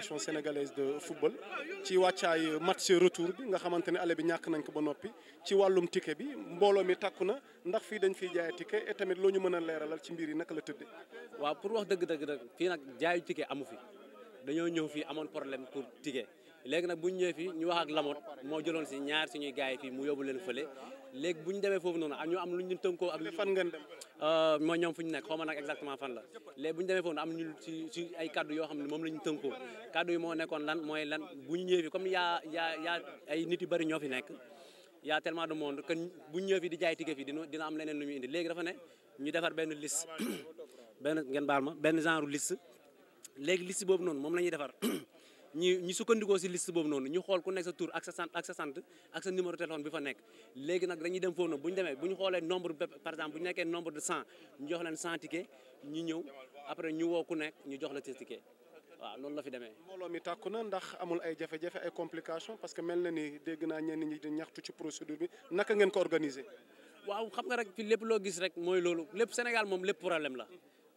fédération sénégalaise de football ci wàccaay match retour bi nga xamante ne aller bi ñàkk nañ ko ba noppi ci wàllum ticket bi mbooloo mi takku na ndax fi dañ fiy jaay tike et tamit loo ñu mën a leeralal ci mbir yi naka la tëddee. waaw pour wax dëgg-dëgg nag fii nag jaayu ticket amu fi dañoo ñëw fii amoon problème pour ticket. léegi nag bu ñu ñëwee fii ñu wax ak Lamotte moo joloon si ñaar suñuy gars yi fii mu yóbbu leen fële léegi bu ñu demee foofu noonu ñu am lu ñu tënkoo ak fan ngeen dem euh, mooy ñoom fu ñu nekk xaw ma nag exactement fan la léegi bu ñu demee foofu am ñu si si ay kaddu yoo xam ne moom la ñu tënkoo kaddu yi moo nekkoon lan mooy lan bu ñu ñëwee comme yaa yaa yaa ay nit yu bëri ñoo fi nekk y' a tellement de monde que bu ñu ñëwee di jaay ticket fi dina dina am leneen lu ñu indi léegi dafa ne ñu defar benn liste benn ngeen baal ma benn genre liste léegi liste boobu noonu moom la ñuy defar ñi ñu si list boobu noonu ñu xool ku nekk sa tur ak sa sant ak sa sant ak bi fa nekk léegi nag dañuy dem foofu nag bu ñu demee bu ñu xoolee nombre par exemple bu ñu nekkee nombre de cent ñu jox leen cent ñu ñëw après ñu woo ku nekk ñu jox la sa ticket waaw loolu la fi demee. mbooloo mi tàkku na ndax amul ay jafe-jafe ay complications parce que mel na ni dégg naa ñeen ñi di ñaxtu ci procédure bi naka ngeen ko organiser. waaw xam nga rek fi lépp loo gis rek mooy loolu lépp Sénégal moom lépp problème la.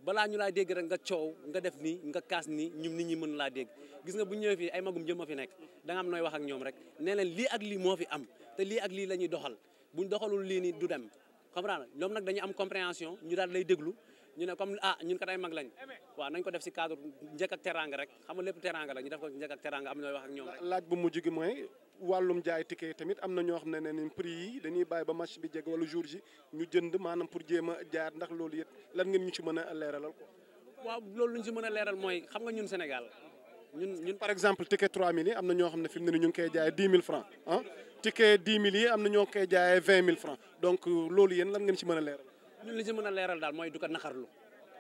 balaa ñu laa dégg rek nga coow nga def nii nga kaas nii ñun nit ñi mën laa dégg gis nga bu ñëwee fii ay magum jëmm a fi nekk da nga nooy wax ak ñoom rek nee leen lii ak lii moo fi am te lii ak lii la ñuy doxal buñ doxalul lii nii du dem comprendre ñoom nag dañu am compréhension ñu daal lay déglu ñu ne comme ah ñun kat ay mag lañ waaw nañ ko def si cadre njëkk ak teraanga rek xam nga lépp teraanga la ñu def ko njëkk ak teraanga am nooy wax ak ñoom rek laaj bu mujj mooy wàllum jaay ticket tamit am na ñoo xam ne ne ni prix yi dañuy bàyyi ba match bi jeg wala a jaar ndax loolu yëpp lan ngeen ñu ci mën a leeralal ko. waaw loolu lu ñu ci mooy xam nga ñun Sénégal ñun ñun. par exemple ticket 3000 yi am ñoo am na ñoo koy jaayee 20 000 ah. francs donc loolu yéen lan ngeen ci a leeral. ñun li ci mën a daal mooy du ko naxarlu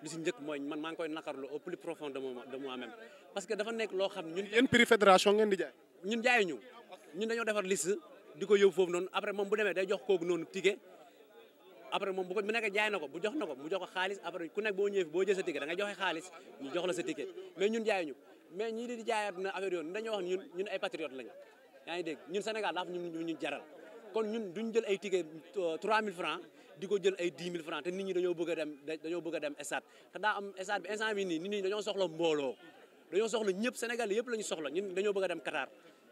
li ci njëkk mooy man maa ngi koy naxarlu au plus profond de moi de moi-même parce que dafa nekk loo xam ñun. yéen prix fédération ngeen di jaay ñun jaayu ñu ñun dañoo defar liste di ko yóbbu foofu noon après moom bu demee day jox kook noonu ticket après moom bu ko bu nekkee jaay na ko bu jox na ko mu jox ko xaalis après ku nekk boo ñëwee boo jël sa ticket da ngay joxe ñu jox la sa ticket mais ñun jaay ñu mais ñii di jaayaat na affaire yoon dañoo wax ñun ñun ay patriote lañu yaa ngi dégg ñun Sénégal daaf ñu ñu jaral kon ñun duñ jël ay ticket 3000 euh, francs di ko jël ay 10 000 francs te ñi dañoo bëgg a dem dañoo bëgg a dem stade te daa am stade bi instant bi nii nit ñi dañoo soxla mbooloo dañoo ñëpp Sénégal yëpp la soxla ñun dañoo bëgg dem Qatar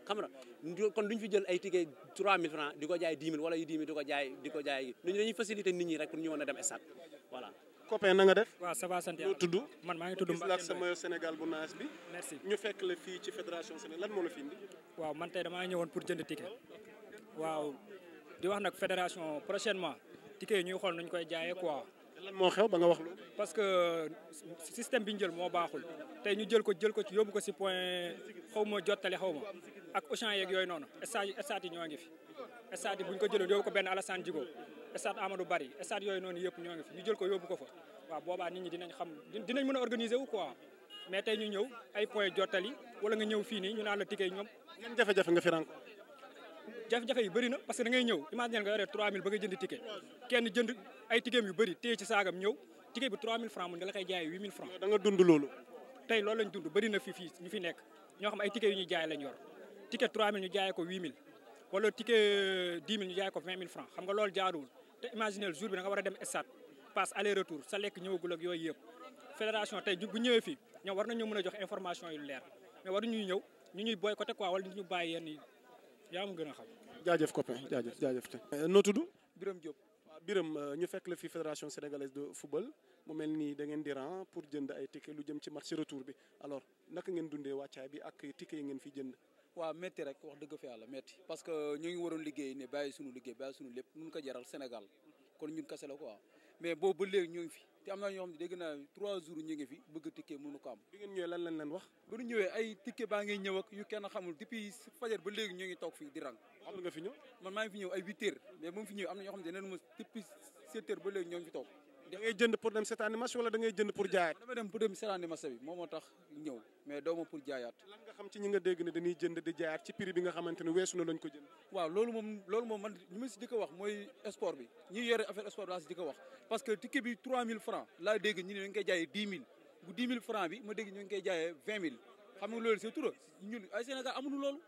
xam nga kon duñ fi jël ay ticket 3000 francs di ko jaay 10 000 wala yu di ko jaay di ko jaay ñu dañuy faciliter nit ñi rek pour ñu mën dem stade voilà. copain na nga def. waaw ça va sant yàlla tudd. man maa ngi tudd Mbacke Ndoye sama Sénégal bu naas bi. merci ñu fekk fii ci fédération Sénégal lan moo la fi indi. waaw man tey damaa ñëwoon pour jënd ticket. waaw di wax nag fédération prochainement ticket ñuy xool nuñ koy jaayee quoi. lan moo xew ba nga wax lu parce que système bi ñu jël moo baaxul te ñu jël ko jël ko ci yóbbu ko si point xaw ma jottali xaw ma. ak Auchan yeeg yooyu noonu stade stade yi ñoo ngi fi stade yi bu ñu ko jëloon yóbbu ko benn Alassane Djigo stade Amadou Barry stade yooyu noonu yëpp ñoo ngi fi ñu jël ko yoobu ko fa waaw boobaa nit ñi dinañ xam dinañ mën a wu mais tey ñu ñëw ay point jottali wala nga ñëw fii nii ñu naan la ticket yi ñoom nga fi rànk jafe-jafe yu nga yore 3000 ba nga jënd ticket kenn jënd ay ticketam yu bëri téye ci saagam ñëw ticket bi 3000 francs mu nga la koy jaayee 8000 francs da dund loolu tey loolu lañ dund bëri na fi fii ñu fi nekk ñoo xam ay ticket yu ñuy jaay lañ yor ticket 3000 ñu jaayee ko 8000 wala ticket 10000 euh, ñu jaayee ko 20000 francs xam nga loolu jaarul te imaginel jour bi da war a dem stade passe aller retour sa lekk ñëwagul ak yooyu yëpp fédération tey bu ñëwee fii ñoom war nañoo mën a jox information yu leer mais waru ñuy ñëw ñu ñuy ko quoi wala ñu bàyyi yenn yi yaa mu gën a xam. jaajëf copain jaajëf jaajëf te. Euh, noo tudd. Birame Diop. waaw ah, Birame euh, ñu fekk la fi fédération sénégalaise de football mu mel nii da ngeen di pour jënd ay ticket lu jëm ci match retour bi alors naka ngeen dundee wàccaay bi ak ticket yi ngeen fi jënd. waaw métti rek wax dëgg fa yàlla métti parce que ñu ngi waroon liggéey ne bàyyi suñu liggéey bàyyi suñu lépp mun ko jaral Sénégal kon ñun kese la quoi mais boobu ba léegi ñu ngi fi te am na ñoo xam ne dégg ñu ngi fi bëgg ticket mënu ko am. ngeen ñëwee lan lañ wax. bu ñu ñëwee ay ticket baa kenn xamul depuis fajar ba léegi ñoo ngi toog fi di rang. xam nga fi ñëw man maa ngi fi ñëw ay huit heures mais bu mu fi ñëw am na ñoo xam ne nee ma depuis sept heures ba léegi ñoo ngi fi toog da jënd pour dem seetaani match wala da ngay jënd pour jaayaat. damay dem pour dem seetaani bi moom moo tax ñëw mais doo pour jaayaat. na lañ ko jënd. waaw loolu moom loolu moom man li ma si di ko wax mooy sport bi ñi parce que ticket bi 3000 francs laa dégg ñu ne koy jaayee 10 000 bu 10 000 francs bi ma dégg xam nga loolu c'est tout ñun ay Sénégal loolu.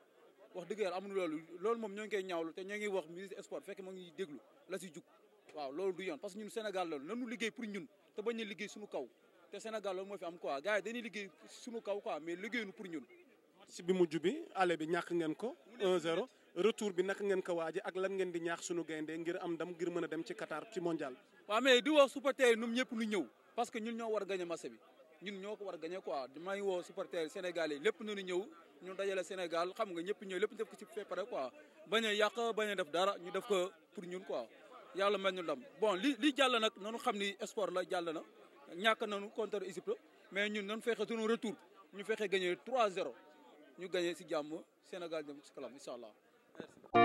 wax dëgg yàlla amuñu loolu loolu moom ñoo ngi koy ñaawlu te ñoo ngi wax ministre sport fekk moo ngi déglu la si jug waaw loolu du yoon parce que ñun Sénégal loolu nanu liggéey pour ñun te bañ a liggéey suñu kaw te Sénégal loolu moo fi am quoi gars yi dañuy liggéey suñu kaw quoi mais liggéeyuñu pour ñun. match bi mujj bi aller bi ñàkk ngeen ko 1-0 retour bi naka ngeen ko waaji ak lan ngeen di ñaax suñu gaynde ngir am ndam ngir mën a dem ci Qatar ci mondial. waaw mais di woo supporter yi ñoom ñëpp ñu ñëw parce que ñun ñoo war a gagné match bi ñun ñoo ko war a gagné quoi may woo supporter sénégalais lépp na nu ñëw ñu dajale Sénégal xam nga ñëpp ñëw lépp def ko ci préparé quoi bañ a yàq bañ a def dara ñu def pour ñun quoi yàlla mel ñu ndam bon li li jàll nag nanu xam ni sport la jàll na ñàkk nañu contre Égypte mais ñun nañu fexe sunu retour ñu fexe gagné trois 0 ñu gagné si jàmm Sénégal dem ci kalam incha allah.